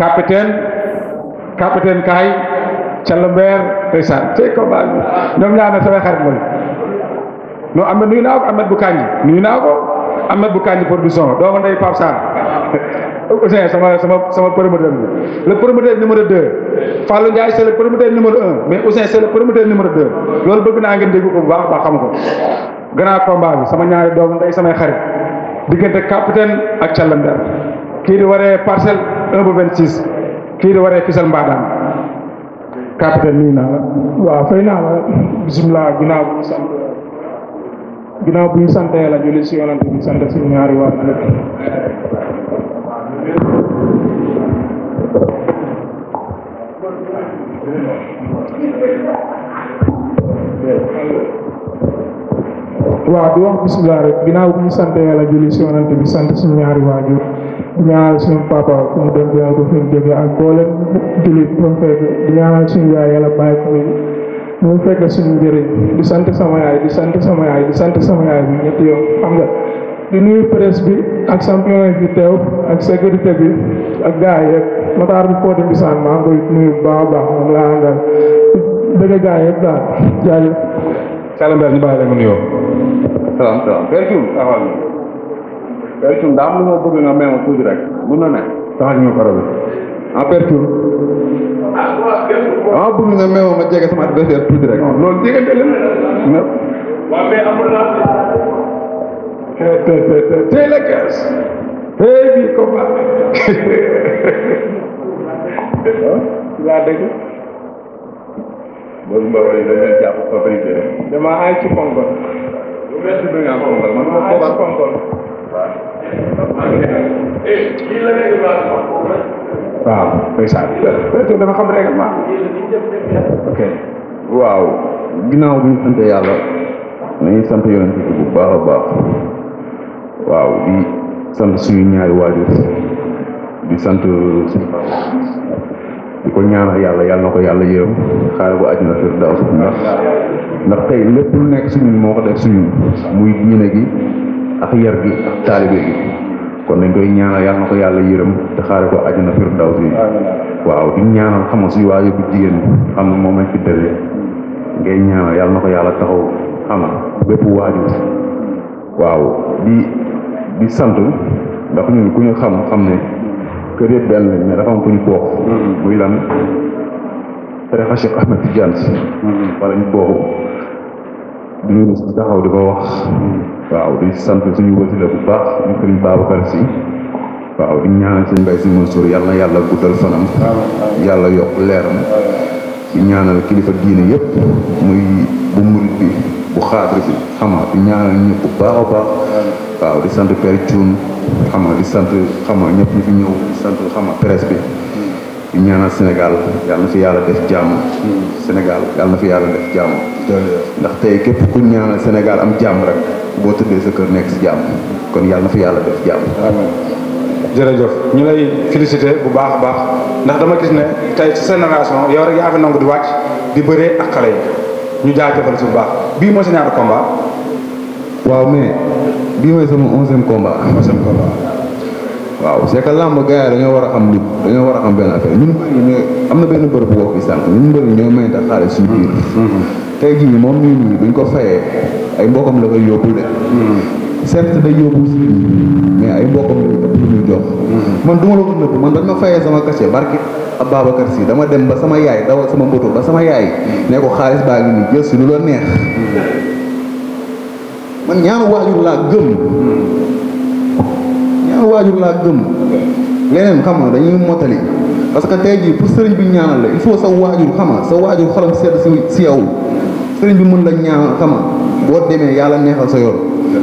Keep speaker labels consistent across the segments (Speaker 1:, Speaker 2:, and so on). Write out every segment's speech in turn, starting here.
Speaker 1: capitaine capitaine kaay Calombeer ndeysaan tey combat bi ñoom ñaar na sama xarit lañu non Ahmed nuyu naa ko Ahmed bu Kanji nuyu naa ko Ahmed bu Kanji production doomu ndey Pape Sarr Ousseyn sama sama sama promoteur bi le promoteur numéro 2 Fallou Ndiaye c'est promoteur numéro 1 mais Ousseyn c'est le promoteur numéro 2 loolu bëgg naa ngeen dégg ko bu baax a baax xam ko grand combat sama ñaari doomu ndey samay xarit diggante capitaine ak Calombeer kii di waree parcelle. 1 ba 26 kii la waree fisal mbaadaan capitaine nuyu naa la. waaw fay naa la bisimilah ginnaaw bu ñu sant ginnaaw bu ñu sant yàlla julli si yonent bi sant suñu ñaari waaw di wax bisimilah rek ginnaaw bi ñu sant yàlla julli si yonent bi sant suñu ñaari waajur di ñaanal suñu papa fu mu dem yàlla fi mu jógee ak booleen jullit ba mu fekk di sant sama yaay di sant sama yaay di sant sama yaay bi ñetti yow xam nga di nuyu presse bi ak champion bi teew ak sécurité bi ak gars yi yëpp mataar bi Fodé Mbissane maa koy nuyu baax a baax moom laa àndal bëgg gars yi yëpp daal jaajëf.
Speaker 2: Salam Ber ñu la mu nuyoo. salaam salaam Père Thioune taxawal ma Père daa am lu ma bëgg nga may ma tuuti rek mun na ne taxal ñu koro bi ah Père Thioune dama bëgg nga may ma ma jege sama adversaire tuuti rek loolu jegante leen waaw mais amul naa tey la kees tey bii combat laa dëgg boobu mba wari dañuy jàpp fabriqué merci bi nga ponkal man ma ponkal ponkal. waaw ndeysaan parce waaw ginnaaw bi ñu sant yàlla nañu sant yonent bi bu ñaari waajur sant di ko ñaanal yàlla yàlla na ko yàlla yërëm xaare ko àjjana firdaws ndax ndax tey lépp lu nekk si ñun moo ko def si ñun muy ñene gi ak yar gi ak taalibe gi kon dañ koy ñaanal yàlla na ko yàlla yërëm te xaare ko àjjana firdaws yi waaw di ñaanal xam nga si waaye bu jigéen xam na moom lañ fi dële ngay ñaanal yàlla na ko yàlla taxaw xam nga waajur waaw di di sant ndax ku ñu xam xam ne kër yëpp benn lañ mais dafa am ku ñu bokk. Mm-hmm. muy lan tarixa Cheikh Ahmed Tidiane si. Mm-hmm. di leen taxaw mm-hmm. di sant suñu wasila bu baax ñu sëriñ Babacar si. waaw di ñaanal suñu mbay si Mansour yàlla na yàlla guddal fanam. yàlla yokk leeram. di ñaanal kilifa diine yëpp muy bu murit
Speaker 3: bi bu xaadir bi xam di ñaanal ñëpp bu baax a baax. waaw di sant Père Thioune. xam nga di sant xam nga ñëpp ñu fi ñëw di sant xam nga presse bi ñu ñaanal Sénégal yàlla na fi yàlla def jàmm Sénégal yàlla na fi yàlla def jàmm ndax tey képp ku ñaanal Sénégal am jàmm rek boo tëddee sa kër nekk si jàmm kon yàlla na fi yàlla
Speaker 1: def jàmm jërëjëf ñu lay félicité bu baax a baax ndax dama gis ne tey ci génération yow rek yaa fi nangu di wàcc di bëree ak xale yi ñu jaajëfal si bu baax bii mooy sa ñaari combat
Speaker 3: waaw mais bii mooy sama onzième komba onzième combat. waaw c'est que làmb gars yi dañoo war a xam lu dañoo war a xam benn affaire ñun mbëri ñoo am na benn bërëb bu wax bi sànq ñun mbëri ñoo mayante xaalis suñu biir. Mm-hmm. tey jii moom ñuy nuyu ko fayee ay mbokkam la koy yóbbu de. Mm-hmm. certes day yóbbu ay mbokkam la mm-hmm. man du ma la ko nëbb man dañ ma fayee sama cachet barke Ababacar Si dama dem ba sama yaay dawal sama moto ba sama yaay ne ko xaalis baa ngi nii jël si lu la neex. man ñaanu waajur laa gëm ñaanu waajur laa gëm leneen xam nga dañuy mottali parce que tey jii pour sëriñ bi ñaanal la il faut sa waajur xam nga sa waajur xolam sedd si si yow sëriñ bi mën la ñaanal xam boo demee yàlla neexal sa yoon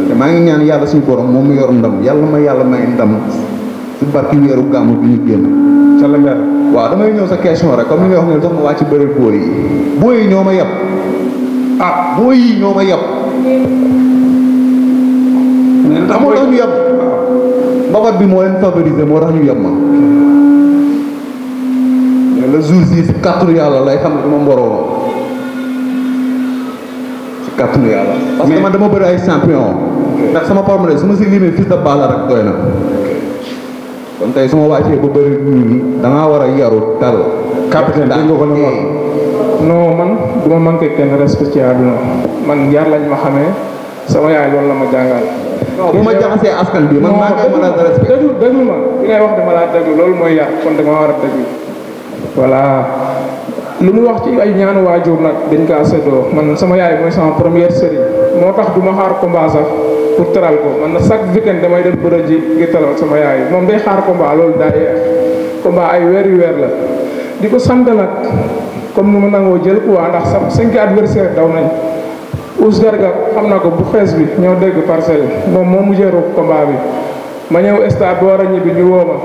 Speaker 3: te maa ngi ñaan yàlla suñu borom moom mu yor ndam yàlla ma yàlla may ndam si barki weeru gàmmu bi ñu génn. incha waaw damay ñëw sa question rek comme ni nga wax ne dox ma wàcc bëri booy yi boo yi ñoo ma yab ah booy yi ñoo ma yab. ndax moo tax ñu yàpp ah. mbapat bi moo leen favoriser moo tax ñu yàpp ma mais le jour si si kàttanu yàlla lay xam ne dama mboroo si kàttanu yàlla parce man dama bëri ay champion ndax sama palmarès su ma si limee fils de Balla rek doy na kon tey suma ma wàccee ba bëri nii war a yaru tal
Speaker 1: capitaine dégg nga ko li non man du ma manqué kenn respect man yar lañ ma xamee sama yaay loolu la ma jàngal bu ma jaxasee askan bi man maa ngi mën a respecté déglu déglu ma li ngay wax dama laa déglu loolu mooy yàq kon dama war a déglu voilà lu mu wax ci ay ñaanu waajur nag dañ ko séddoo man sama yaay mooy sama première série moo tax du ma xaar combat pour teral ko man na chaque weekend damay dem bërëb ji ngir teral sama yaay moom day xaar combat loolu daa yeex ay weer yu weer la di ko sant nag comme nu ma nangoo jël waa ndax sa cinq adversaire daw nañ Ous Garga am na ko bu fees bi ñoo dégg parcelle bi moom moo mujjee ruub combat bi ma ñëw stade bu war a ñibbi ñu woo ma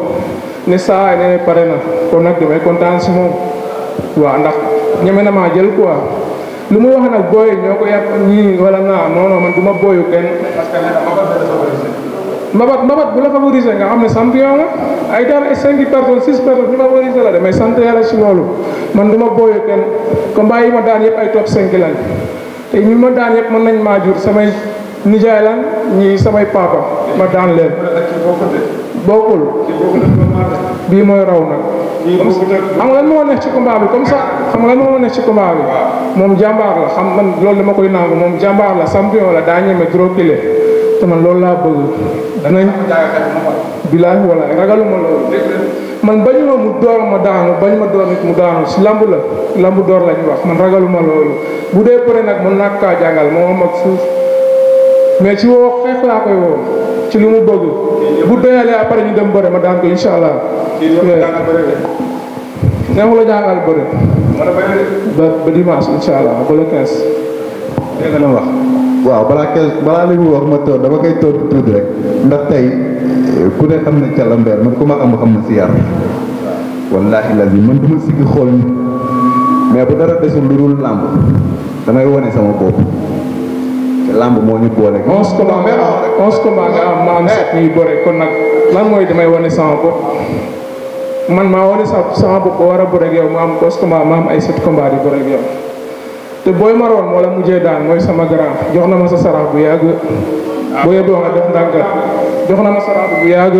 Speaker 1: ni saa yi ne pare na kon nag waaw ndax ñeme na maa jël quoi lu muy nag booy ñoo ko yàpp ñii wala naa non non man du ma booyu kenn. mbabat mbabat bu la favoriser nga am ne champion nga ay daan cinq personnes six personnes ñu favoriser la damay sant yàlla si man du ma booyu kenn combat yi ma daan yëpp ay top 5 lañ. te ñi ma daan yëpp mën nañ maa jur samay nijaay lan ñii samay papa ma daan leen. bokkul bii mooy raw nag. xam nga lan moo nekk ci combat bi comme ça xam nga lan moo nekk ci combat bi moom jàmbaar la xam man loolu dama koy nangu moom jàmbaar la champion la daa ñeme gros kile te man loolu laa bëgg. danañ bilaay wala ragaluma loolu man bañu ma mu door ma daanu bañ ma door nit mu daanu si lamb la lamb door lañ wax man ragaluma loolu bu dee bëre nag mën naa kaa jàngal moo mag suuf mais ci woo xeex laa koy woo ci lu mu bëgg bu doyalee après ñu dem bëre ma daan ko insha allah neexu la jàngal bëre ba ba dimanche insha allah ba le quinze
Speaker 3: waaw balaa quinze balaa li mu ma tóor dama koy tóor tuuti rek ndax tey ku ne xam na calambeer man ku ma am xam na si yar wallaahi lazim man du sigg xool nit mais bu dara desul lu làmb damay wone sama bopp te làmb moo ñu boole. onze
Speaker 1: ma ah, kon nag lan mooy damay wane sama man maa wone sa sama bopp war a bëre ak yow ma am onze ma am ay sept combats di bëre ak yow te booy maroon moo la mujjee daan mooy sama grand jox na ma sa sarax bu yàgg. Ah. boo yeboo nga def ndànk jox na ma saraat bu yàgg.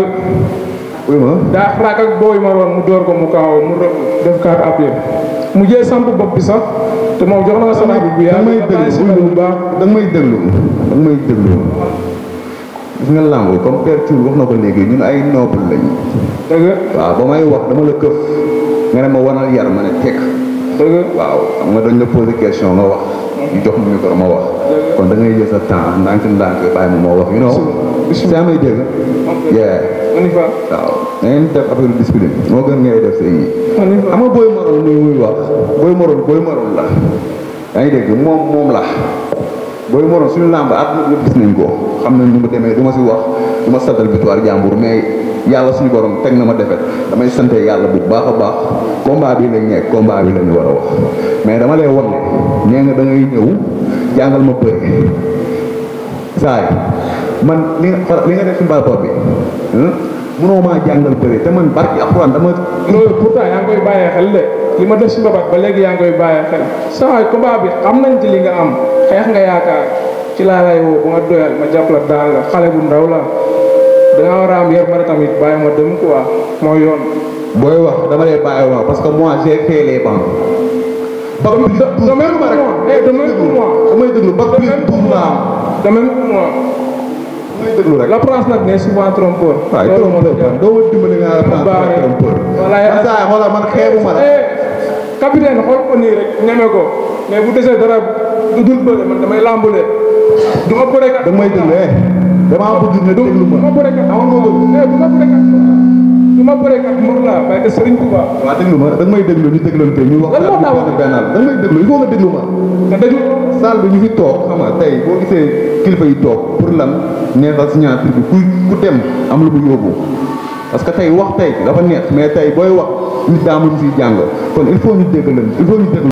Speaker 1: ma daa xalaat ma mu door ko mu kaw mu def carte appui mu jël bopp bi sax te moom jox na ma saraat bu yàgg. da may déglu
Speaker 3: da may déglu da nga wax na ko léegi ñun ay noble waaw ba may wax dama la këf nga ne ma wanal yar ma ne tekk. dëgg waaw xam nga dañ la posé question nga wax. jox ma micro ma wax kon da ngay jël sa temps ndànk ndànk bàyyi ma moo wax you know saa may dégg yeah waaw da ngeen def affaire discipline moo gën ngay def say yi ama booy morom muy muy wax booy morom booy morom la yaa ngi dégg moom moom la booy moroom suñu làmb at yëpp gis nañ koo xam nañ ni mu demee duma ma wax du ma saddal victoire jàmbur mais yàlla suñu borom teg na ma defet damay sante yàlla bu baax a baax combat bi lañ nekk kombaa bi la ñu war mais dama lay won ne nee nga da ngay ñëw jàngal ma bëri saay man li nga li nga def bi
Speaker 1: hmm? mënoo maa jàngal bëri te man barki alxuraan dama. loolu pourtant yaa ngi koy bàyyee xel de li ma def ci mbapat ba léegi yaa ngi koy bàyyee xel saa combat bi xam nañ ci li nga am. xeex nga yaakaar ci laa woo bu ma doyal ma jàpp la daal la xale bu ndaw la danga war a am yar ma tamit bàyyi ma dem quoi mooy yoon. booy wax dama lay bàyyi wax parce que moi j'ai fait les bancs. bac eh, rek la am. nag ne souvent trompeur. loolu moo di jàpp doo nga l'apparence trompeur. man saa ah. xoolal man xeebu rek. Eh, capitaine xool ko nii rek ñeme ko mais bu desee dara. du dul bëre man damay làmbulee du ma bëre kat damay dëlee eh. damaa bëgg nga déglu ma du ma bëre kat amoon nga bëgg du ma bëre du ma bëre kat da nga may
Speaker 3: déglu lu déglante ñu wax benn bennal da nga may déglu il faut nga déglu bi ñu fi toog xam tey boo gisee kilifa yi toog pour lan neexal signature bi ku ku dem am
Speaker 2: lu mu yóbbu parce que tey wax tey dafa neex mais tey booy wax nit daa mën siy jàng kon il faut ñu dégg leen il faut ñu dégg